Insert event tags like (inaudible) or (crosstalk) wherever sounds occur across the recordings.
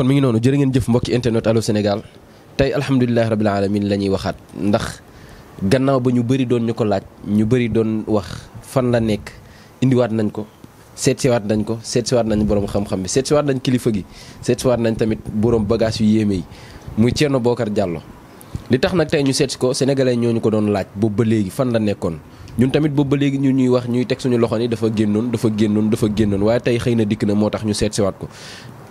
kon mi ngi noonu jërë ngeen jëf mbokki internet allo Sénégal tey alhamdulilah rabil alamin la ñuy waxaat ndax gannaaw ba ñu bëri doon ñu ko laaj ñu bëri doon wax fan la nekk indiwaat nañ ko seetsiwaat nañ ko seetsiwaat nañ borom xam-xam bi seetsiwaat nañ kilifa gi seetsiwaat nañ tamit borom bagage yu yéeme yi muy Thierno Bocar jàlloo li tax nag tey ñu seetsi ko sénégalais ñoo ñu ko doon laaj boobu ba léegi fan la nekkoon ñun tamit boobu ba léegi ñu ñuy wax ñuy teg suñu loxo ni dafa génnoon dafa génnoon dafa génnoon waaye tey xëy na dikk na moo tax ñu seetsiwaat ko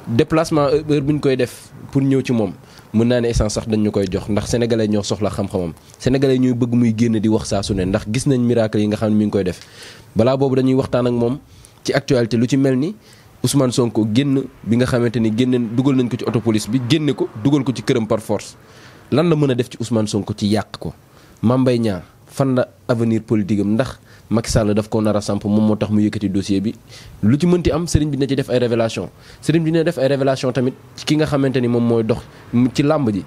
déplacement euh, heure bu ñu koy def pour ñëw ci moom mën naa ne essence sax dañu ñu koy jox ndax sénégalais ñoo soxla xam-xamam sénégalais ñuy bëgg muy génn di wax saa su ne ndax gis nañ miracle yi nga xam ne mi ngi koy def balaa boobu dañuy waxtaan ak moom ci actualité lu ci mel ni Ousmane Sonko génn bi nga xamante ni génn dugal nañ ko ci autopolis bi génne ko dugal ko ci këram par force lan la mën a def ci Ousmane Sonko ci yàq ko Mame Mbaye Niang fan la avenir politique am ndax Macky Sall daf ko nara samp moom moo tax mu yëkkati dossier bi lu ci mënti am sëriñ bi na ci def ay révelation sëriñ bi dina def ay révélation tamit ki nga xamante ni moom mooy dox ci làmb ji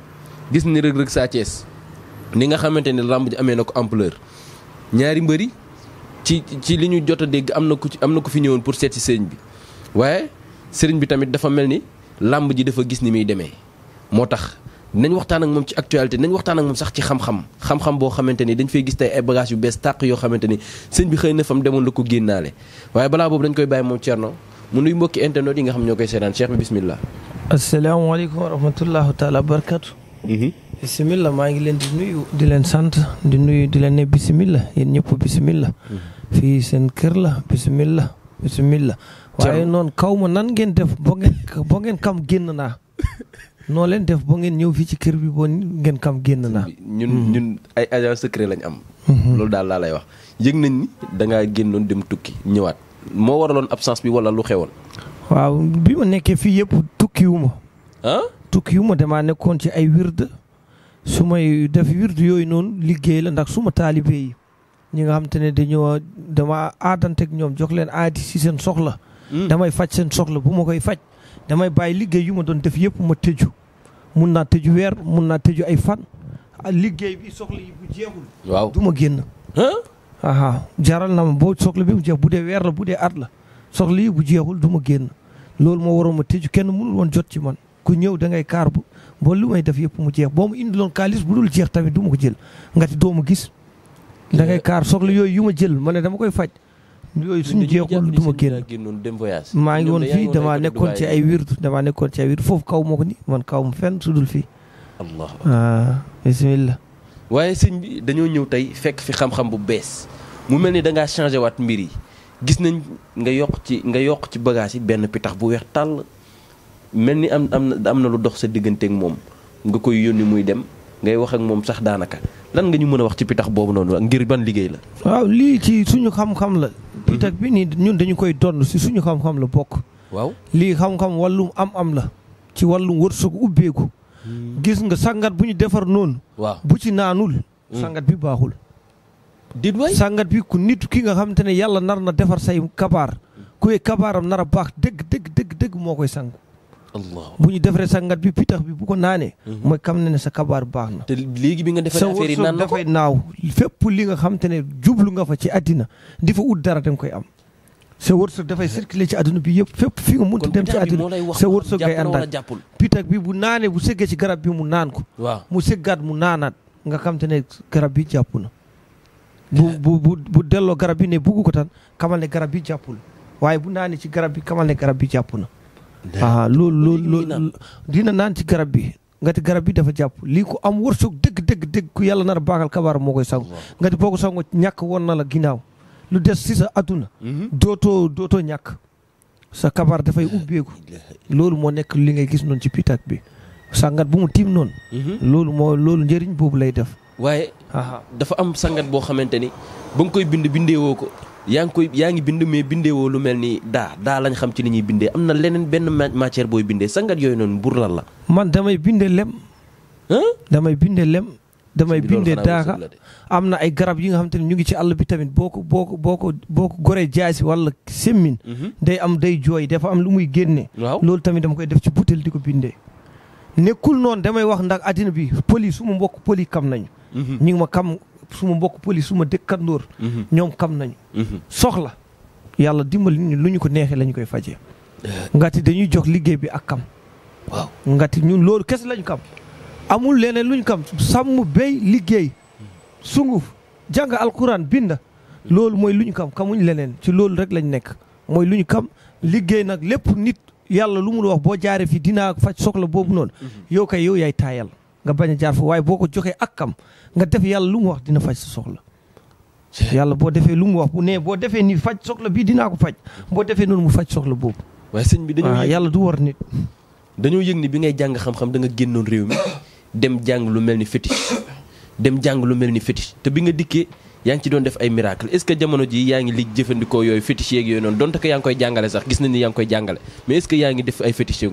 gis ni rëg-rëg Sa Thiès ni nga xamante ni làmb ji amee na ko ampleur ñaari mbëri ci ci li ñu jot a dégg am na ku am na ku fi ñëwoon pour seet si sëriñ bi waaye sëriñ bi tamit dafa mel ni làmb ji dafa gis ni muy demee moo tax nañ waxtaan ak moom ci actualité nañ waxtaan ak moom sax ci xam-xam xam-xam boo xamante ni dañ fay gis tey ay bagages yu bees tàq yoo xamante ni sëñ bi xëy na fam demoon la ko génnaale waaye balaa boobu dañ koy bàyyi moom Thierno mu nuy mbokki internet yi nga xam ñoo koy seetaan cheikh bi bismillah asalaamaaleykum wa rahmatullahu taala wa barakatu mhm. bisimilla maa ngi leen di nuyu di leen sant di nuyu di leen ne bisimilla yéen ñëpp bisimilla mhm. fii seen kër la bisimilla bisimilla waaye noonu kaw ma nan ngeen def boo ngeen boo ngeen kam génn naa noo leen def ba ngeen ñëw fii ci kër bi boo ngeen kam génn naa. ñun mhm. ñun ay agent secret lañ am. Mhm. loolu daal laa lay wax yëg nañ ni da ngaa génnoon dem tukki ñëwaat moo waraloon absence bi wala lu xewoon. waaw bi ma nekkee fii yëpp tukki wu ma. ah tukki wu ma damaa nekkoon ci ay wird su may def wird yooyu noonu liggéey la ndax suma taalibe yi ñi nga xam te ne dañoo dama aadanteeg ñoom jox leen aadi si seen soxla. Hmm. damay faj seen soxla bu ma koy faj. damay bàyyi liggéey yu ma doon def yëpp ma tëju mun naa tëju weer mun naa tëju ay fan liggéey bi soxla yi bu jeexul. waaw du ma génn. ah jaral na ma boo soxla bi mu jeex bu dee weer la bu dee at la soxla yi bu jeexul du ma génn loolu moo waroon ma tëju kenn mënul woon jot ci man ku ñëw da ngay kaar bu ba lu may def yëpp mu jeex boo mu indiloon kaalis bu dul jeex tamit du ma ko jël nga ti doo ma gis. da ngay eh. kaar soxla yooyu yu ma jël ma ne dama koy faj. yooyu suñu jeexul du ma génn maa ngi woon fii damaa nekkoon ci ay wirdu damaa nekkoon ci ay wirdu foofu kaw ma ko ni man kaw mu fenn dul fii allah ah, bismillah waaye sëñ bi dañoo ñëw tey fekk fi xam-xam bu bees mu mel ni da ngaa changé waat mbir yi gis nañ nga yokk ci nga yokk ci bagage yi benn pitax bu weex tàll mel ni am am na lu dox sa diggante ak moom nga koy yónni muy dem ngay wax ak moom sax daanaka lan nga ñu mën a wax ci pitax boobu noonu ngir ban liggéey la. waaw lii ci suñu xam-xam la. pitax bi nii ñun dañu koy donn si suñu xam-xam la bokk. waaw lii xam-xam wàllum am-am la. ci wàllum wërsëgu ubbeeku. Hmm. gis nga sangat bu ñu defar noonu. waaw bu ci naanul. Hmm. sangat bi baaxul. dit waay sangat bi ku nit ki nga xam te ne yàlla nar na defar say kabaar. Hmm. kuy kabaaram nar a baax dëgg dëgg dëgg dëgg moo koy sang. bu ñu defaree sangat bi pitax bi bu ko naanee. Mhm. mooy kam ne ne sa kabaar baax na. te léegi bi nga defaree affaire yi na ko dafay naaw fépp li nga xam ne jublu nga fa ci àddina di fa ut dara da koy am. sa wërsëg dafay circuler ci àdduna bi yëpp fépp fi nga mënta dem ci àdduna sa wërsëg ngay àndal pitak bi bu naanee bu sëggee ci garab bi mu naan ko waaw mu sëggaat mu naanaat nga xam ne garab bi jàpp na bu bu bu bu delloo garab bi ne bugg ko tan xamal ne garab bi jàppul waaye bu naanee ci garab bi xamal garab bi jàpp na waaw ah, loolu loolu loolu dina naan ci garab bi ngati garab bi dafa jàpp lii ko am wërsëg dëgg dëgg dëgg ku yàlla na a baaxal kabaar moo koy sangu ngati boo ko sangu ñàkk woon na la ginnaaw lu des si sa adduna mm-hmm. dootoo dootoo ñàkk sa kabaar dafay ubbeeku loolu moo nekk li ngay gis noonu ci pitaat bi sangat bu mu tiim noonu mm-hmm. loolu moo loolu njëriñ boobu lay def waaye dafa am sangat boo xamante ni ba nga koy bind bindee ko yaa ngi koy yaa ngi bind mais bindeewoo lu mel ni daa daa lañ xam ci li ñuy bindee am na leneen benn matière booy bindee sangat yooyu noonu bur lan la. man damay binde lem. damay binde lem. damay binde daaka am na ay garab yi nga xam te ne ñu ngi ci àll bi tamit boo ko boo ko boo ko boo ko goree jaasi wala semmin. Mhm. day am day jooy dafa am lu muy génne. loolu tamit dama koy def ci butéel di ko bindee. nekkul noonu damay wax ndax addina bi poli su ma mbokk poli kam nañu. Mhm. suma mbokk pëli suma dëkkandoor mhm. ñoom xam nañu mhm. soxla yàlla dimbali lu ñu ko neexee lañu koy fajee eh. ngati dañuy jox liggéey bi ak kam waaw ngati ñun loolu kes lañu kam amul leneen lu ñu kam sàmm béy liggéey sunguf jàng alquran binda loolu mooy lu ñu kam kamuñ leneen ci loolu rek lañu nekk mooy lu ñu kam liggéey nag lépp nit yàlla lu mu wax boo jaaree fii dinaa faj soxla boobu noonu mhm. yow kay yow yaay taayal nga bañ a jaar waaye boo ko joxee ak akkam nga def yàlla lu mu wax dina faj sa soxla. yàlla boo defee lu mu wax bu nee boo defee nii faj soxla bii dinaa ko faj boo defee noonu mu faj soxla boobu. waaye sëñ bi dañoo yàlla du war nit. dañoo yëg ni bi ngay jàng xam-xam da nga génnoon réew mi dem jàng lu mel ni fétiche dem jàng lu mel ni fétiche te bi nga dikkee yaa ngi ci doon def ay miracle est-ce ji yaa ngi li jëfandikoo yooyu fétiche yeeg yooyu noonu donte que yaa ngi koy jàngale sax gis nañ ni yaa ngi koy jàngale mais est-ce que yaa ngi def ay fétiche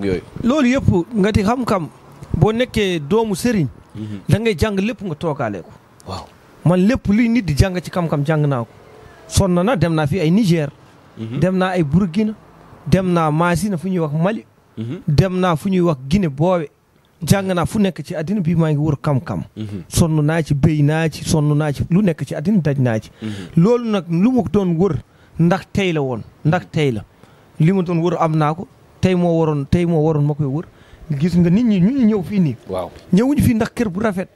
boo nekkee doomu sëriñ. Mhm. da ngay jàng lépp nga toogaale ko. waaw man lépp luy nit di jàng ci xam-xam jàng naa ko. sonn na dem naa fi ay Niger. Mhm. dem naa ay Burkina. dem naa Masina fu ñuy wax Mali. Mhm. dem naa fu ñuy wax gine boobe jàng naa fu nekk ci àddina bii maa ngi wër kam-kam sonn naa ci béy naa ci sonn naa ci lu nekk ci àddina daj naa ci loolu nag lu ma doon wër ndax tey la woon ndax tey la li ma doon wër am naa ko tey moo waroon tey moo waroon ma koy wër gis nga nit ñi ñu ñëw fii nii. waaw ñëwuñu fii ndax kër bu rafet.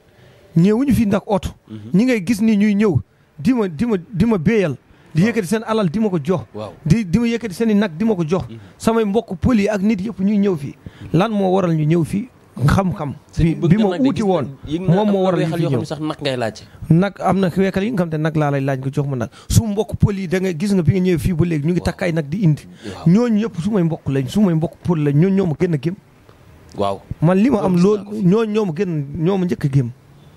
ñëwuñu fii ndax oto. Mhm. ñi ngay gis ni ñuy ñëw di ma di ma di ma béyal. di yëkkati seen alal di ma ko jox. di di ma yëkkati seen i nag di ma ko jox. Mhm. samay mbokk pël yi ak nit yëpp ñuy ñëw fii. lan moo waral ñu ñëw fii xam-xam. bi bi ma uuti woon moom moo waral ñu fi ñëw sax nag ngay laaj. nag am na weekal yi nga xam te nag laa lay laaj nga jox ma nag su mbokk pël yi da nga gis nga bi nga ñëwee fii ba léegi ñu ngi takkaay nag di indi. ñooñu yëpp su may mbokk lañ su may mbokk pël lañ ñooñu ñoo ma gën a gëm waaw man li ma am loolu ñoo ñoom gën ñoo ma njëkk a gëm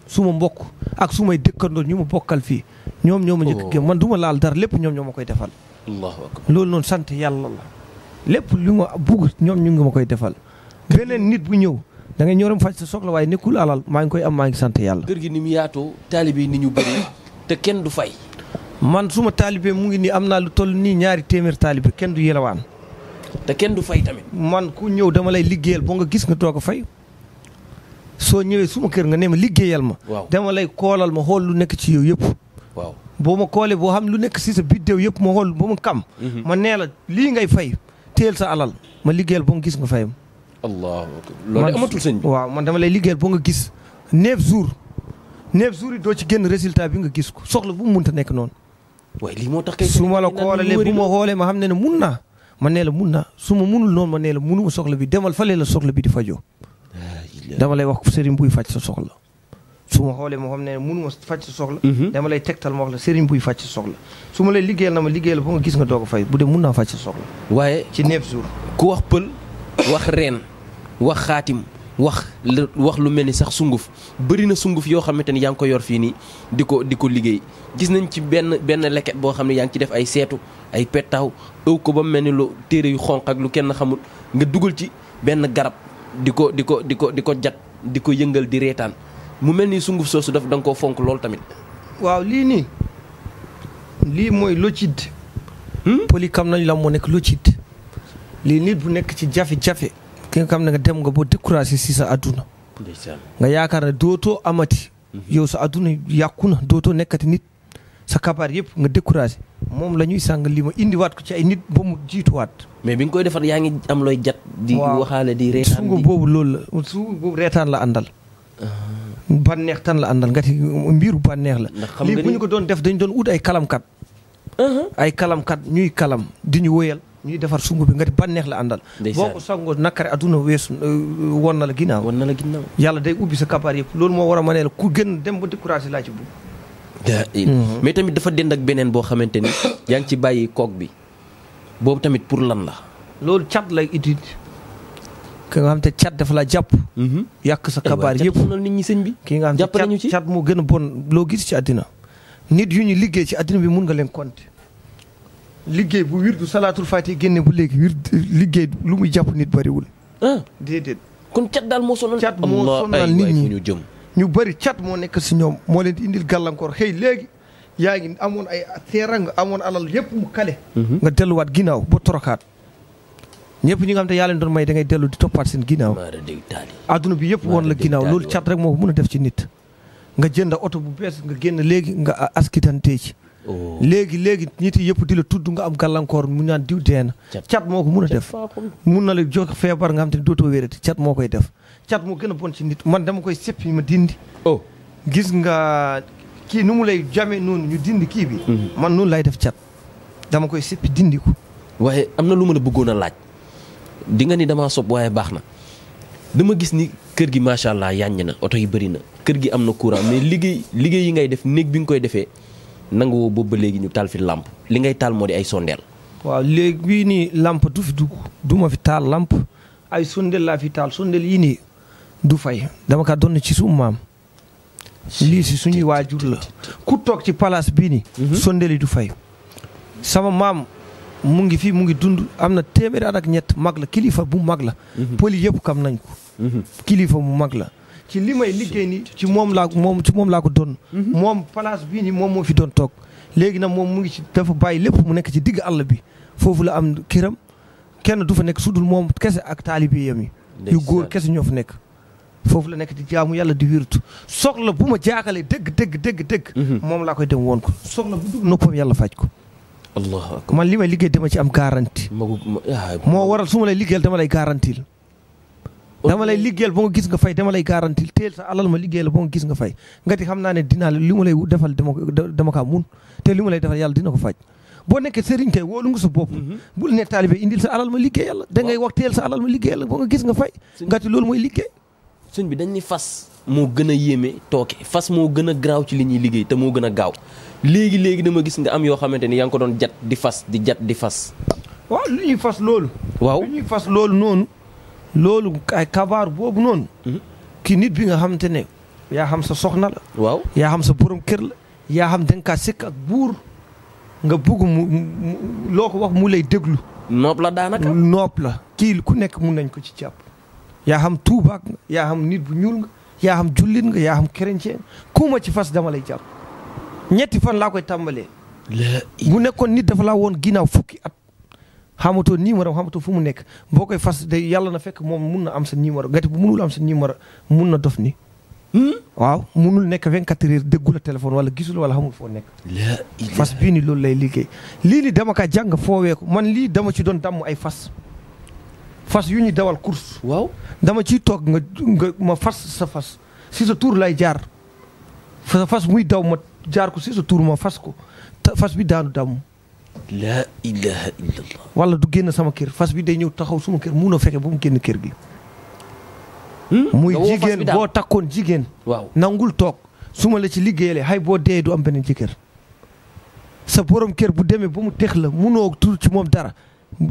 su ma mbokk ak su may dëkkandoo ñu ma bokkal fii ñoom ñoo ma njëkk a oh. man du ma laal dara lépp ñoom ñoo ma koy defal loolu noonu sant yàlla la lépp lu ma bugg ñoom ñu ngi ma koy defal beneen nit bu ñëw da ngay ñoram faj sa soxla waaye nekkul alal maa ngi koy am maa ngi sant yàlla kër gi ni mu yaatoo taalibe yi ni ñu bëri te kenn du fay man suma taalibee mu ngi nii am naa lu toll nii ñaari téeméer taalibe kenn du yelawaan te kenn du fay tamit. man ku ñëw dama lay liggéeyal boo nga gis nga toog a fay soo ñëwee suma kër nga ne ma liggéeyal ma. waaw dama lay koolal ma xool lu nekk ci yow yëpp. waaw boo ma koolee boo xam lu nekk si sa biddéew yëpp ma xool ba mu kam. Mhm. ma nee la lii ngay fay teel sa alal ma liggéeyal boo nga gis nga fayam. allah loolu amatul sëñ bi waaw man dama lay liggéeyal boo nga gis neuf jours. neuf jours yi doo ci génn résultat bi nga gis ko soxla bu mu munta nekk noonu. moo tax kay su ma la koolee bu ma xoolee ma xam ne ne mun naa. ma nee la mun na su ma munul noonu ma nee la munuma soxla bi demal fale la soxla bi di fajoo dama lay wax sëriñ buy faj sa soxla su ma xoolee ma xam ne munuma faj sa soxla mhm. dama lay tegtal ma la sëriñ buy faj sa su ma lay liggéeyal na ma liggéeyal ba nga gis nga doog a fay bu dee mun naa faj sa soxla waaye ci neuf jours ku wax pël wax reen wax xaatim wax lu wax lu mel ni sax sunguf bëri na sunguf yoo xamante ni yaa ngi ko yor fii nii di ko di ko liggéey gis nañ ci benn benn leket boo xam ne yaa ngi ci def ay seetu ay pettaw ëw ko ba mel ni lu téere yu xonq ak lu kenn xamul nga dugal ci benn garab di ko di ko di ko di ko jat di ko yëngal di reetaan mu mel ni sunguf soosu daf danga nga koo fonk loolu tamit. waaw lii nii lii mooy locide. Hmm? pël yi xam nañ la moo nekk locide. lii nit bu nekk ci jafe-jafe. ki nga xam ne nga dem nga boo découragé si sa adduna nga yaakaar ne dootoo amati mhm. yow sa adduna yàqu na dootoo nekkati nit sa kabaar yëpp nga découragé moom la ñuy sàng li ma indiwaat ko ci ay nit ba mu jiituwaat mais bi nga koy defar yaa ngi am looy jat di waxaale di reetaan sungu boobu loolu la sungu boobu reetaan la àndal ah. bànneex tan la àndal nga mbiru bànneex la lii bu ñu ko doon def dañu doon ut ay kalamkat uh-huh. ay kalamkat ñuy kalam di ñu wóyal ñuy defar sungu bi nga di banneex la àndal boo ko sangoo nakare aduna weesu euh, won na la ginnaaw won na la ginnaaw yàlla day ubbi sa kabaar yëpp loolu moo war a ma ne la ku gën dem ba découragé laa ci bu mhm. mais tamit dafa dend ak beneen boo xamante ni (coughs) yaa ngi ci bàyyi koog bi boobu tamit pour lan la loolu cat lay itit ki nga xam te cat dafa la jàpp mhm. yàq sa kabaar yëpp nit ñi sëñ bi ki nga xam te cat moo gën a bon loo gis ci àddina nit yu ñu liggéey ci àddina bi mun nga leen compter liggéey bu wirdu salaatul faa faati génne bu léegi wird liggéey lu muy jàpp nit bëriwul. Ah. kon cat daal moo sonal. cat moo sonal nit ñi ñu jëm. ñu bëri cat moo nekk si ñoom moo leen di indil gàllankoor xëy léegi yaa ngi amoon ay teeranga amoon alal yëpp mu kale. Mhm. nga delluwaat ginnaaw ba torokaat. ñëpp ñi nga xam te yàlla doon may dangay dellu di toppaat seen ginnaaw. adduna bi yëpp won la ginnaaw loolu cat rek moo ko mën a def ci nit. nga jënd oto bu bees nga génn léegi nga askitante ci Oh. léegi léegi nit yi yëpp di la tudd nga am gàllankoor mu naa diw dee na cat moo ko mun a def mun na la jox feebar nga xam te ne dootoo wérati cat moo koy def cat moo gën a bon ci nit man dama koy seppi ma dindi oh. gis nga kii nu mu lay jame noonu ñu dindi kii bi mm-hmm. man noonu lay def cat dama koy seppi dindi ko waaye am na lu ma la bëggoon a laaj di nga ni damaa sob waaye baax na dama gis ni kër gi macha allah yàññ na oto yi bëri na kër gi am na courant mais liggéey liggéey yi ngay def néeg bi nga koy defee nangu boobu ba léegi ñu taal fi làmp li ngay taal moo di ay sondeel waaw léegi bii nii làmp du fi dugg du ma fi taal làmp ay sondeel laa fi taal sondeel yi nii du fay dama kaa donn ci suñu maam lii si suñuy waajur la ku toog ci palaas bii nii mhm. sondeel yi du fay sama maam mu ngi fii mu ngi dund am na téeméer ak ñett mag la kilifa bu mag la mhm. pëli yëpp xam nañ ko mhm. kilifa bu mag la ci li may liggéey ni ci moom laa moom ci moom laa ko doon mhm. moom place bii ni moom moo fi doon toog léegi nag moom mu ngi ci dafa bàyyi lépp mu nekk ci digg àll bi foofu la am kiram kenn du fa nekk su dul moom kese ak taalibeeyam yi yu góor kese ñoo fa nekk foofu la nekk di jaamu yàlla di wirtu soxla bu ma jaakalee dëgg dëgg dëgg dëgg mhm. moom laa koy dem woon ko soxla bu dugg noppam yàlla faj ko allahu akbar man li may liggéey dama ci am garanti ah, moo waral su ma lay liggéeyal dama lay garantil dama lay liggéeyal ba nga gis nga fay dama lay garantil teel sa alal ma liggéeyal ba nga gis nga fay nga xam naa ne dinaa la li ma lay defal dama dama kaa mun te li ma lay defal yàlla dina ko faj boo nekkee sëriñ tey wóolu nga sa bopp mhm. bul ne taalibe indil sa alal ma liggéeyal da ngay wax teel sa alal ma liggéeyal ba nga gis nga fay nga loolu mooy liggéey sëñ bi dañ ni fas moo gën a yéeme tooke fas moo gën a garaaw ci li ñuy liggéey te moo gën a gaaw léegi léegi dama gis nga am yoo xamante ni yaa ngi ko doon jat di fas di jat di fas waaw lu loolu ay kabaar boobu noonu. Mhm. kii nit bi nga xamante ne yaa xam sa soxna la. waaw yaa xam sa borom kër la. yaa xam da nga kaa sikk ak buur nga bugg mu loo ko wax mu lay déglu. noob la daanaka. nopp la kii ku nekk mun nañ ko ci jàpp. yaa xam tuubaak nga yaa xam nit bu ñuul nga yaa xam jullit nga yaa xam chrétien ku ma ci fas dama lay jàpp ñetti fan laa koy tàmbalee. ku nekkoon nit dafa laa woon ginnaaw fukki at. xamatoo numéro xamatoo fu mu nekk boo koy fas de yàlla na fekk moom mun na am sa numéro gati bu munul am sa numéro mun na dof nii hmm? waaw munul nekk 24 heures déggu la téléphone wala gisul wala xamul foo nekk. fas bii ni loolu lay liggéey. lii li dama ka jàng foowee ko man lii dama ci doon damm ay fas. fas yu ñu dawal course. waaw dama ci toog nga nga ma fas sa fas si sa tuur lay jaar. sa fas muy daw ma jaar ko si sa tuur ma fas ko fas bi daanu damm. laa du génn sama kër fas bi day ñëw taxaw suma kër mun a fexe ba mu génn kër gi. Hmm? muy jigéen boo takkoon jigéen. waaw nangul toog su ma la ci liggéeyale hay boo dee du am beneen ci kër. sa borom kër bu demee ba mu tex la munoo tur ci moom dara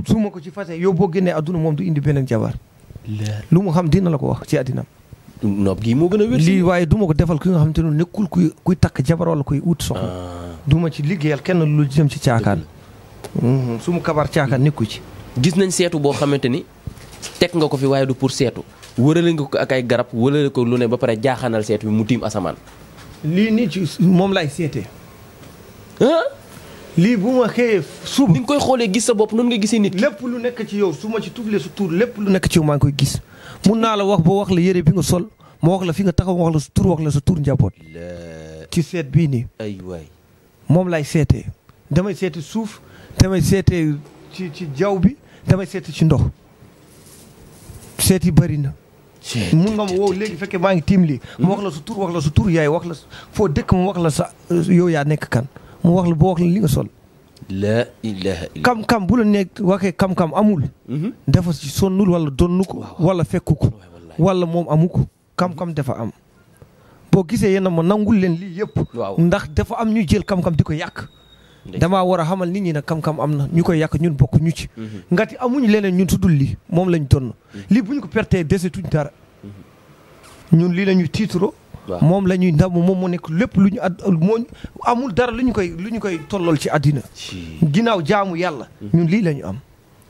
suma ko ci fase yow boo génnee adduna moom du indi beneen jabar. lu mu xam dina la ko wax ci addinaam. nopp gi moo gën a wér lii waaye du ma ko defal ki nga xam te ne nekkul kuy kuy takk jabar wala koy ut soxna. Ah. du ma ci liggéeyal kenn lu jëm ci caakaan. Mhm. su mu kabar caaxaan nekku ci. gis nañ seetu boo xamante ni teg nga ko fi waaye du pour seetu wërale nga ko ak ay garab wërale ko lu ne ba pare jaaxaanal seetu bi mu tiim asamaan. lii nii ci moom laay seetee. lii bu ma xëyee suba. ni nga koy xoolee gis sa bopp noonu nga gisee nit. lépp lu ci yow su ma ci tuflee su lépp lu nekk ci maa ngi koy gis mun naa la wax ba wax la yére bi nga sol ma la fi nga taxaw ma wax la sa tur wax sa tur njaboot. ci seet bii nii. ay moom laay seetee. damay seeti suuf damay seetee ci ci jaww bi damay seeti ci ndox seet yi bëri na. mun nga ma woo léegi fekkee maa ngi tiim lii. mu wax la sa tur wax la sa tur yaay wax la foo dëkk mu wax la sa yow yaa nekk kan mu wax la boo wax la li nga sol. kam kam bu la nekk waxee kam kam amul. Mhm. dafa ci sonnul wala donnu ko wala fekku ko wala moom amu ko kam kam dafa am. boo gisee yenn a ma nangul leen lii yëpp. ndax dafa am ñuy jël kam kam di ko yàq. damaa war a xamal nit ñi nag xam-xam am na ñu koy yàq ñun bokk ñu ci mhm. ngati amuñu leneen ñun tuddul lii moom lañ donn mhm. lii ñu ko pertee desetuñ dara mhm. ñun lii la ñuy tiitro moom la ñuy ndam moom moo nekk lépp lu ñu ad moo amul dara lu ñu koy lu ñu koy tollool ci àddina ginnaaw jaamu yàlla ñun lii lañu am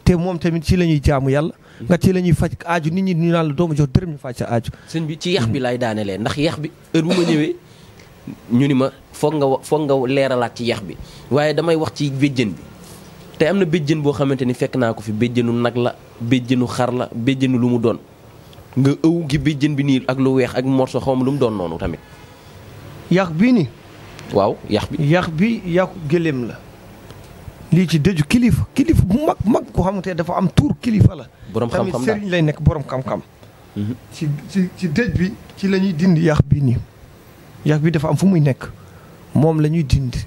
te moom tamit ci la ñuy jaamu yàlla ngat ci la ñuy faj aaju nit ñi ñu naan la doomu jox dërëm ñu faj sa aaju sëñ bi ci yax bi laay daane leen ndax yax bi heure bu ma ñëwee (coughs) ñu ni ma foog nga foog leeralaat ci yax bi waaye damay wax ci béjjën bi te am na béjjën boo xamante ni fekk naa ko fi béjjënu nag la béjjënu xar la béjjënu lu mu doon nga ëw gi béjjën bi nii ak lu weex ak morso xaw lu mu doon noonu tamit yax bi ni waaw yax bi yax bi yàqu gëléem la lii ci dëju kilifa kilifa bu mag mag ko xamante dafa am tuur kilifa la boroom xam-xam tamit sëriñ lay nekk borom xam-xam mhm. ci ci ci dëj bi ci la ñuy dindi yax bii nii yàq bi dafa am fu muy nekk moom la ñuy dindi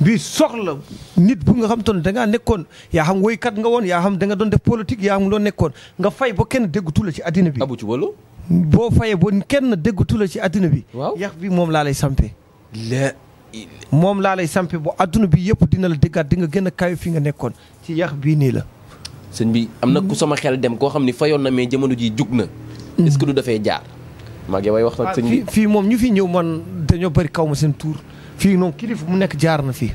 bi soxla nit bu nga xam toon da ngaa nekkoon yaa xam woykat nga woon yaa xam da nga doon def politique yaa xam loo nekkoon nga fay ba kenn déggutu la ci addina bi. abu ci wàllu. boo fayee ba kenn déggutu la ci bi. waaw yàq bi moom laa lay sampee. la moom laa lay sampee ba àdduna bi yëpp dina la déggaat di nga gën a kawe fi nga nekkoon ci yàq bii nii la. sëñ bi am na ku sama xel dem koo xam ni fayoon na mais jamono ji jug na. nit mm. ku du dafay jaar. mag yow ay wax nag. sëñ bi fii moom ñu fi ñëw man dañoo bëri kaw ma seen tuur fii noonu kilif mu nekk jaar na fii.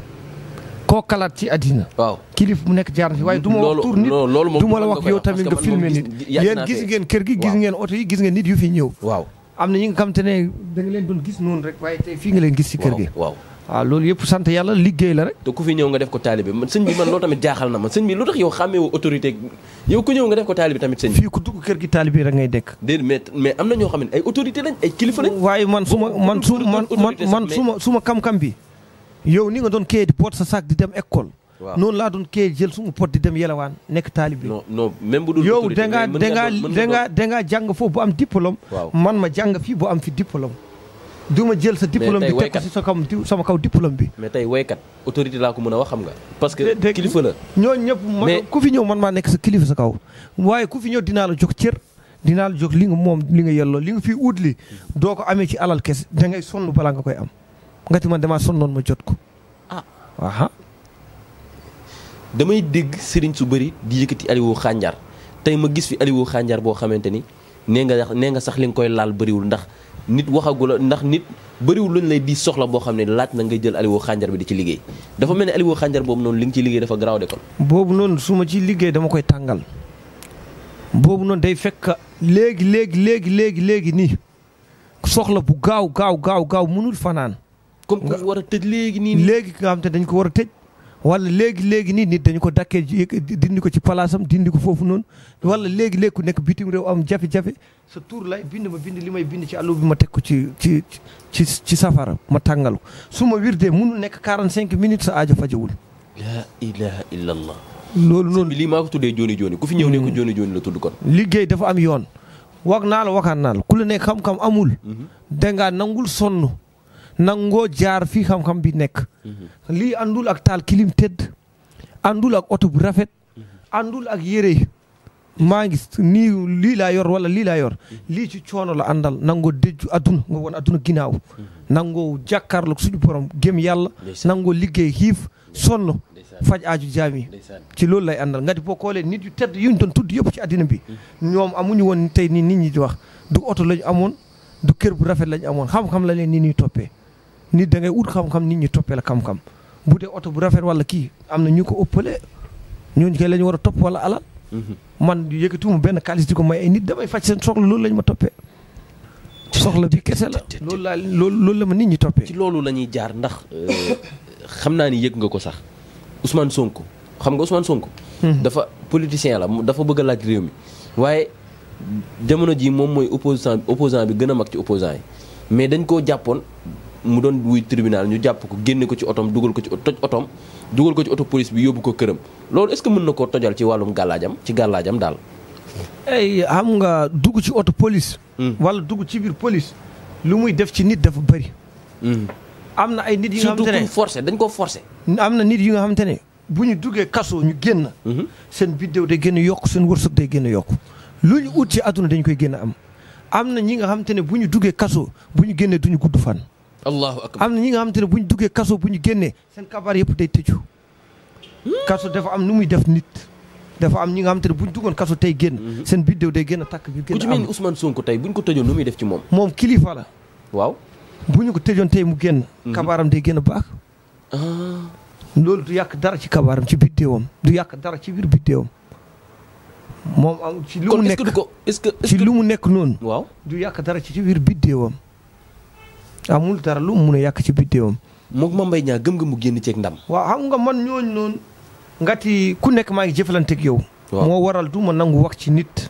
koo kalaat ci àddina. waaw kilif mu nekk jaar na fi waaye du ma wax tur nit du la wax yow tamit nga filmer nit yéen gis ngeen kër gi gis ngeen oto yi gis ngeen nit yu fi ñëw. waaw am na ñi nga xam te ne da nga leen doon gis noonu rek waaye tey fii nga leen gis ci kër gi. waaw loolu yëpp sant yàlla liggéey la rek. te ku fi ñëw nga def ko taalibe man sëñ bi man loolu tamit jaaxal na ma sëñ bi lu tax yow xàmmeewu autorité yow ku ñëw nga def ko taalibe tamit sëñ bi. fii ku dugg kër gi taalibe rek ngay dekk. déedéet mais mais am na ñoo ne ay autorité lañ ay waaye man su ma man su man man su ma su ma kam-kam bi. yow ni nga doon kee di boot sa sac di dem école. waaw noonu laa doon kee jël suma pot di dem yelawaan nekk taalibe. non non même bu dul autorité yow dangaa dangaa dangaa jàng foofu bu am diplôme. man ma jàng fii bu am fi diplôme du ma jël sa diplôme bi teg ko sa kaw sama kaw diplôme bi. mais tey waykat autorité laa ko mën a wax xam nga. parce que kilifa la. ñooñu ñëpp man ku fi ñëw man maa nekk sa kilifa sa kaw. waaye ku fi ñëw dinaa la jox cër dinaa la jox li nga moom li nga yelloo li nga fi ut li doo ko amee ci alal kese da ngay sonn balaa nga koy am nga ti man damaa sonnoon ma jot ko ah. damay dégg sëriñ su bëri di yëkkati Aliou xànjar tey ma gis fi Aliou Khandiar boo xamante ni nee nga nee nga sax li nga koy laal bëriwul ndax. nit waxagula ndax nit bëriwul luñ lay di soxla boo xam ne laaj na ngay jël Aliou Khandiar bi di ci liggéey dafa mel ne Aliou Khandiar boobu noonu li nga ci liggéey dafa garaaw de kon. boobu noonu su ma ciy liggéey dama koy tàngal boobu noonu day fekk léegi léegi léegi léegi léegi nii soxla bu gaaw gaaw gaaw gaaw mënul fanaan. comme ku war a tëj léegi nii. léegi nga xam te dañ ko war a tëj. wala léegi léegi nii nit dañu ko dakkee dindi ko ci palaasam dindi ko foofu noonu wala léegi léegi ku nekk bitim réew am jafe-jafe sa tuur lay bind ma bind li may bind ci àllu bi ma teg ko ci ci ci ci safara ma tàngal ko su ma wirdee mënul nekk 45 minutes sa aajo fajawul. la loolu noonu lii maa ko tuddee jooni jooni ku fi ñëw ne ko hmm. jooni jooni la tudd kon. liggéey dafa am yoon. wax naa la waxaan naa la ku la nekk xam-xam amul. Mhm. dangaa nangul sonn. nangoo jaar fii xam-xam bi nekk. Mhm. lii àndul ak taal kilim tëdd àndul ak oto bu rafet. Mhm. àndul ak yére maa ngi nii lii laa yor wala lii laa yor mhm. lii ci coono la àndal nangoo dëjju aduna nga woon aduna ginnaaw nangoo jàkkaarloog suñu borom gëm yàlla nangoo liggéey xiif sonn faj aaju jaami ci loolu lay àndal ngati boo koolee nit yu tedd yuñ toon tudd yëpp ci àddina bi ñoom amuñu woon tey nii nit ñi di wax du oto lañu amoon du kër bu rafet lañu amoon xam-xam la ni ñuy toppee nit da ut xam-xam nit ñi toppee la xam-xam bu dee oto bu rafet wala kii am na ñu ko ëppale ñooñu kay la war a topp wala alal. Mhm. man yëkkatuma benn xaalis di ko may ay nit damay faj seen soxla loolu lañ ma toppee. soxla bi kese la loolu laa loolu la ma nit ñi toppee. ci loolu la ñuy jaar ndax euh, xam naa ni yëg nga ko sax Ousmane sonk xam nga Ousmane sonk hmm. dafa politicien la dafa bëgg a laaj réew mi waaye jamono ji moom mooy opposant opposant bi gën a mag ci opposant mais dañ koo jàppoon mu doon wuy tribunal ñu jàpp ko génne ko ci otom dugal ko ci toj otom dugal ko ci oto police bi yóbbu ko këram loolu est-ce que mën na koo tojal ci wàllum gàllaajam ci gàllaajam daal. ay xam nga dugg ci oto police. Hmm. wala dugg ci biir police. lu muy def ci nit dafa bëri. Hmm. am na ay nit yi nga xamante ne surtout forcé dañ koo forcé. am na nit yi nga xamante ne bu ñu duggee kaso ñu génn. Hmm. seen biddéew day génn yokk seen wërsëg day génn yokk lu ñu ut ci àdduna dañ koy génn am. am na ñi nga xamante ne bu ñu duggee kaso bu ñu génnee du ñu gudd fan. allahu akbar am na ñi nga xamante ne bu ñu duggee kaso bu ñu génnee seen kabaar yëpp day tëju. kaso dafa am nu muy def nit. dafa am ñi nga xamante ne bu ñu kaso tey génn. Mhm. seen biddew day génn takk bi. génn am ku ci mel Sonko tey bu ko tëjoon nu muy ci moom. moom kilifa la. waaw bu ñu ko tëjoon mu génn. Mhm. kabaaram day génn baax. Ah. loolu du yàq dara ci kabaaram ci biddeewam du yàq dara ci biir biddeewam. moom am ci lu nekk kon du ko est-ce que lu mu nekk noonu. waaw du yàq dara ci biir biddeewam amul dara lu mu mun a yàq ci bidéewam. moog ma mbay ñaa gëm-gëm mu génn ceeg ndam. waaw xam nga man ñooñu noonu. ngati ku nekk maa ngi jëflanteeg yow. moo waral du ma nangu wax ci nit.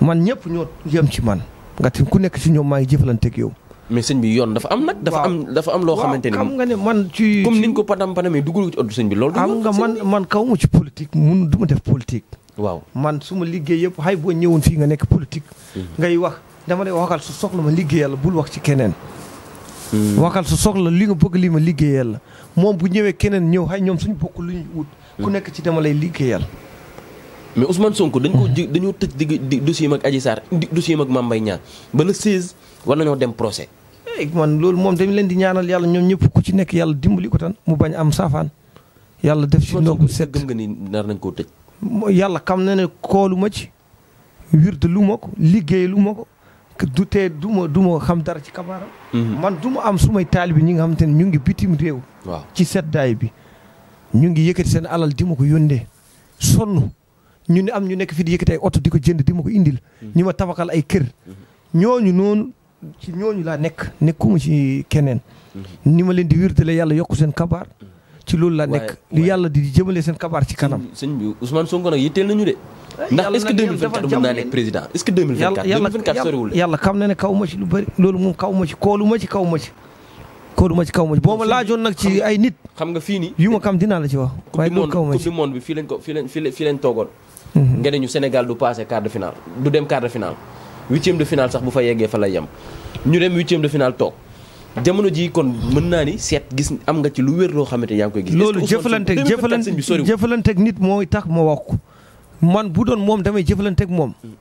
man ñëpp ñoo yem ci man. ngati ku nekk ci ñoom maa ngi jëflanteeg yow. mais sëñ bi yoon dafa am nag. dafa am dafa am loo xamante ni. xam nga ne man ci comme niñ ko panam panamee dugal ko ci oddu sëñ bi loolu. xam nga man man kaw ma ci politique mun du ma def politique. waaw man su ma liggéey yëpp xay boo ñëwoon fii nga nekk politique. Mhm. ngay wax dama lay waxal su soxla ma liggéeyal bul wax ci keneen Hmm. waxal sa la li nga bëgg lii ma liggéeyal la moom bu ñëwee keneen ñëw xay ñoom suñu bokk lu ñu wut ku hmm. nekk ci dama lay liggéeyal mais Ousmane Sonko dañ ko hmm. dañoo tëj di dossier mag Adji Sarr dossier mag Mame Mbaye Niang ba le 16 war nañoo dem procès man loolu moom dañ leen di ñaanal yàlla ñoom ñëpp ku ci nekk yàlla dimbali ko tan mu bañ am saafaan yàlla def ci ndogu set gëm nga ni nar nañ koo tëj yàlla xam na ne koolu ma ci wirde lu ma ko liggéey lu ma ko du te du ma du ma xam dara ci kabaaram mhm. man du ma am sumay taalibi ñi nga xam te ne ñu ngi bitim réew waaw ci seddaay bi ñu ngi yëkkati seen alal di ma ko yóndee sonn ñu ne am ñu nekk fii di yëkkati ay oto di ko jënd di ma ko indil mhm. ñu ma tabaxal ay kër mhm. ñooñu noonu ci ñooñu laa nekk nekkuma ci keneen ni ma leen di wirtale yàlla yokku seen kabaar ci loolu la nekk li yàlla di jëmale seen kabaar ci kanam. sëñ man Ousmane Sonko nag yitteel nañu de. ndax est-ce que 2024 mën naa nekk président est-ce que 2024 2024 soriwul yàlla xam ne kaw ma ci lu bëri loolu moom kaw ma ci koolu ma ci kaw ma koolu ma ci kaw ma ci boo laajoon nag ci ay nit. xam nga fii nii yu ma xam dinaa la ci wax. waaye loolu kaw ma ci coupe du monde bi fii lañ ko fii lañ fii lañ toogoon. Mhm. nga ne ñu Sénégal du passé quart de finale du dem quart de finale huitième sax bu fa yeggee fa lay yem ñu dem huitième de finale toog jamono ji kon mën naa ni seet gis am nga ci lu wér loo xamante yaa ngi koy gis. loolu jëflanteeg jëflanteeg jëflanteeg nit mooy tax ma wax ko man bu doon moom damay jëfalante jëflanteeg moom. Hmm.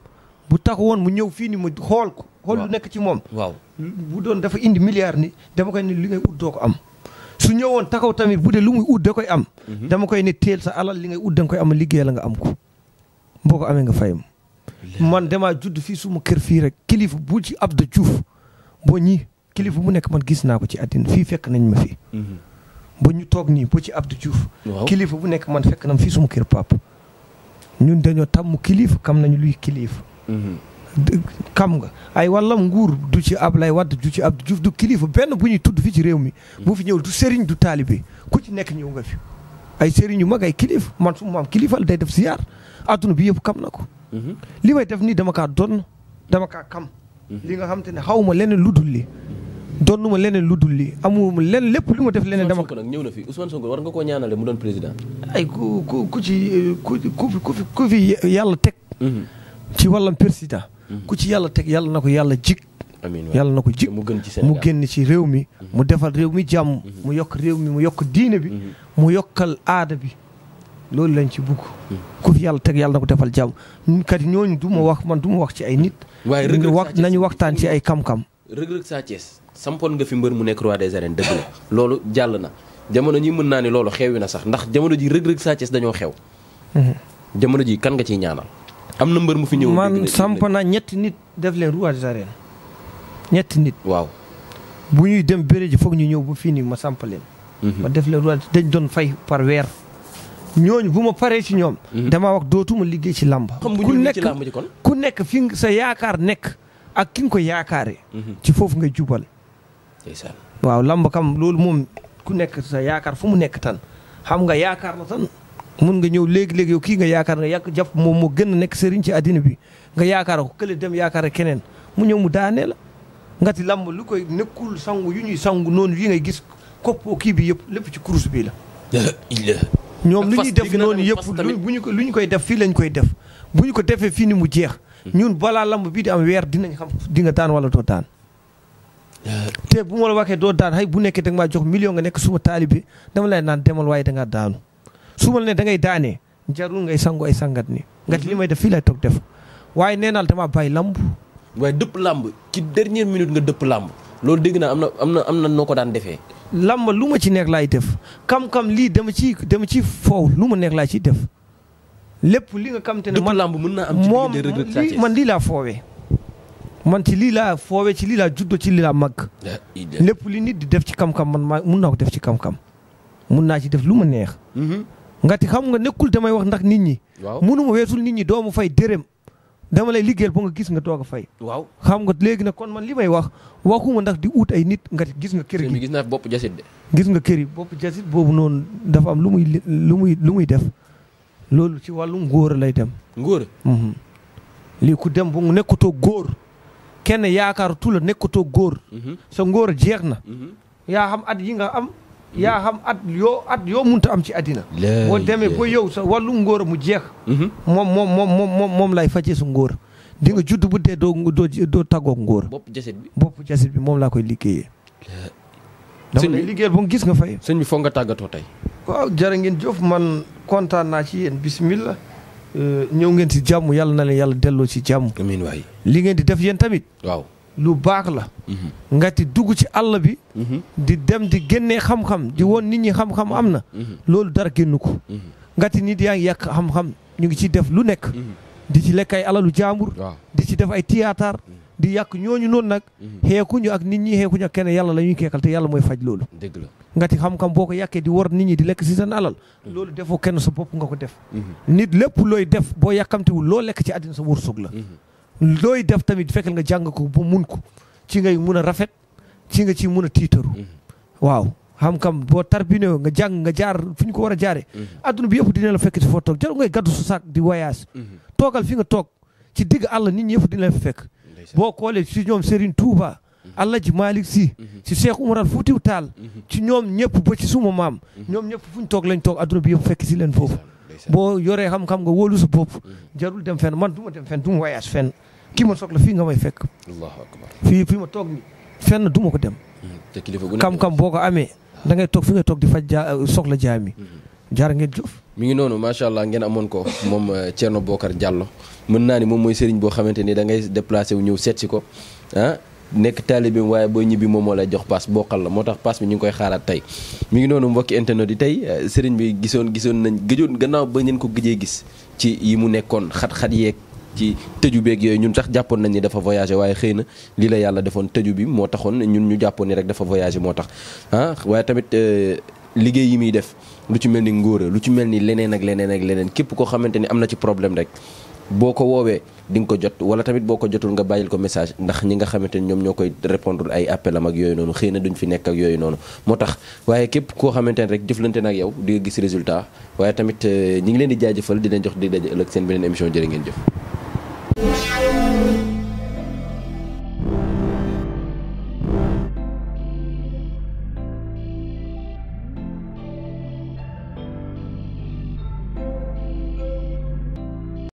bu tax woon mu ñëw fii ni ma xool ko. xool lu nekk ci moom. waaw bu doon dafa indi milliard ni dama koy ne li ngay ut doo ko am. su ñëwoon taxaw tamit bu dee lu muy ut da koy am. Hmm. dama koy ne teel sa alal li ngay ut da nga koy am liggéey la nga am ko. boo ko amee nga fayam. man damaa judd fii suma kër fii rek kilifa bu ci Abdou Diouf boo ñii kilifa bu nekk man gis naa ko ci àddina fii fekk nañ ma fi. Mhm. ba ñu toog nii ba ci Abdou Diouf. kilifa bu nekk man fekk na fii suma kër pap ñun dañoo tàmm kilifa xam nañu luy kilifa. Mhm. xam nga ay wàllam nguur du ci Ablaye Wade du ci Abdou Diouf du kilifa benn bu ñuy tudd fii ci réew mi. bu fi ñëw du sëriñ du taalibe ku ci nekk ñëw nga fi. ay sëriñ yu mag kilifa man su ma am day def ziar adduna bi yëpp xam na ko. Mhm. li may def nii dama ka doon dama kaa xam. li nga xam ne xaw ma leneen lu dul doonu ma leneen lu dul lii amuma lenn lépp lu ma def leneen dama ko nag ñëw na fi Ousmane Sonko war nga koo ñaanale mu doon ay ku ku ku ci ku ku ku fi yàlla teg. Mhm. ci wàllam président. Mhm. ku ci yàlla teg yàlla na ko yàlla jig. amiin yàlla na ko jig mu gën ci Sénégal génn ci réew mi. Mhm. mu defal réew mi jàmm. mu yokk réew mi mu yokk diine bi. mu yokkal aada bi. loolu lañ ci bugg. ku fi yàlla teg yàlla na ko defal jàmm ñun kat ñooñu du ma wax man du ma wax ci ay nit. waaye rëgg wax nañu waxtaan ci ay kam-kam. sampoon nga fi mbër mu nekk roi des arènes dëgg la loolu jàll na jamono ñii mën naa ni loolu xewi na sax ndax jamono ji rëg-rëg Sa Thiès dañoo xew mhm. jamono ji kan nga ciy ñaanal am na mbër mu fi ñëw man samp na ñetti nit def leen roi des arènes nit waaw bu ñuy dem bëre foog ñu ñëw ba fii nii ma samp leen mhm. def leen roi dañ doon fay par weer ñooñ bu ma paree ci ñoom mhm. damaa wax dootuma liggéey ci làmb ku nekk ku nekk fi sa yaakaar nekk ak ki ko yaakaare ci foofu ngay jubal waaw lamb kam loolu moom ku nekk sa yaakaar fu mu nekk tan xam nga yaakaar la tan mun nga ñëw léegi-léegi yow kii nga yaakaar nga yàq jàpp moom moo gën a nekk sëriñ ci àddina bi nga yaakaar ko kële dem yaakaar keneen mu ñëw mu daanee la nga ti lamb lu koy nekkul sangu yu ñuy sangu noonu wii ngay gis koppoo kii bi yëpp lépp ci course bi la ñoom lu ñuy def noonu yëpp bu ñu ko lu ñu koy def fii lañ koy def bu ñu ko defee fii ni mu jeex hmm. ñun balaa lamb bii di am weer dinañ xam di nga daan wala doo te bu ma la waxee doo daan hay bu nekkee da maa jox million nga nekk suma taalibi dama lay naan demal waaye da ngaa daanu su ma la ne dangay ngay daanee jarul ngay sangu ay sangat ni nga li may def fii lay toog def waaye nee naa dama bàyyi lamb. waaye dëpp làmb ci dernière minute nga dëpp làmb loolu dégg naa am na am na am na noo ko daan defee. lamb lu ma ci nekk laay def kam-kam lii dama ci dama ci foow lu ma nekk laa ciy def lépp li nga xam te ne. man dëpp lamb mën naa am ci man lii laa foowee. man ci lii laa foowee ci lii laa juddoo ci lii laa màgg. lépp li nit di def ci kam-kam man maa mun naa ko def ci kam-kam. mun naa ci def lu ma neex. Mhm. ngati xam nga nekkul damay wax ndax nit ñi. waaw munu ma weesul nit ñi doomu fay dërëm. dama lay liggéeyal ba nga gis nga toog a fay. waaw xam nga léegi nag kon man li may wax waxuma ndax di uut ay nit nga gis nga kër gi. gis naa bopp jasit de. gis nga kër yi bopp jasit boobu noonu dafa am lu muy lu muy lu muy def loolu ci wàllum góor lay dem. góor. Mhm. lii ku dem ba mu nekkutoo góor. kenn yaakaar la nekkatoo góor. Mhm. sa ngóor jeex na. Mhm. yaa xam at yi nga am. yaa xam at yoo at yoo munta am ci àddina boo demee ba yow sa wàllu ngóor mu jeex. Mhm. moom moom moom moom moom lay fajee sa ngóor. di nga bu dee doo doo doo tàggoog ngóor. bopp jasit bi bopp jasit bi moom laa koy liggéeyee. dama lay liggéeyal ba gis nga fay. sëñ bi foog nga tàggatoo tey. waaw jërë ngeen jëf man kontaan naa ci yéen bismillah. Euh, ñëw ngeen ci jàmm yàlla na leen yàlla delloo ci jàmm. amiin waay li ngeen di def yéen tamit. waaw lu baax la. Mhm. ngati dugg ci àll bi. Mhm. di dem di génnee xam-xam di won nit ñi xam-xam am na. Mhm. loolu dara génn ko. ngati nit yaa ngi yàq xam-xam ñu ngi ciy def lu nekk. di ci lekk ay alalu jaambur. di ci def ay théâtre di yàq ñooñu noonu nag mhm. xeekuñu ak nit ñi xeekuñu ak kenn yàlla la ñuy keekal te yàlla mooy faj loolu dëgg la ngati xam-xam boo ko yàqee di war nit ñi di lekk si seen alal mhm. loolu defoo kenn sa bopp nga ko def mhm. nit lépp looy def boo yàkkamtiwul loo lekk ci àddina sa wërsëg la looy def tamit fekkal nga jàng ko ba mun ko ci ngay mun a rafet ci nga ci mun a tiitaru waaw xam-xam boo tarbiné nga jàng nga jaar fi ñu ko war a jaare adduna bi yëpp dina la fekk si foo toog jarul ngay gaddu su saak di voyage toogal fi nga toog ci digg àll nit ñi yëpp dina la fekk boo xoolee si ñoom Serigne Touba mhm. Alhaji ji Sy si mhm. Cheikh Oumar Foutiyou Tall mhm. ci ñoom ñëpp ba ci suma maam ñoom ñëpp fu ñu toog lañ toog adduna bi yëpp fekk si leen foofu boo yoree xam-xam nga wóolu sa bopp jarul dem fen man du ma dem fenn du ma voyage fenn kii ma soxla fii nga may fekk Allahu akbar fii fii ma toog ni fenn duma ko dem xam kam boo ko amee da ngay toog fi nga toog di faj ja soxla jaami jar ngeen jëf mi ngi noonu macha allah ngeen amoon ko moom euh, Thierno Bokar Diallo mën naa ni moom mooy sëriñ boo xamante ni dangay ngay déplacé wu ñëw seet si ko ah nekk taalibeem waaye booy ñibbi moom moo lay jox paas bokkal la moo tax paas bi ñu ngi koy xaaraat tey. mi ngi noonu mbokki internet yi tey euh, sëriñ bi gisoon gisoon nañ gëjoon gannaaw ba ngeen ko gëjee gis ci yi mu nekkoon xat-xat yeeg ci tëju beeg yooyu ñun sax jàppoon nañ ni dafa voyagé waaye xëy na lii la yàlla defoon tëju bi moo taxoon ñun ñu jàppoon ni rek dafa voyagé moo tax ah waaye tamit euh, liggéey yi muy def lu ci mel ni ngóora lu ci mel ni leneen ak leneen ak leneen képp koo xamante ni am na ci problème rek boo ko woowee di nga ko jot wala tamit boo ko jotul nga bàyyil ko message ndax ñi nga xamante ni ñoom ñoo koy répondre ay appel am ak yooyu noonu xëy na duñ fi nekk ak yooyu noonu moo tax waaye képp koo xamante ni rek jëflante na ak yow di gis résultat waaye tamit euh, ñi ngi leen di jaajëfal di leen jox di daje ëllëg seen beneen émission jërë ngeen jëf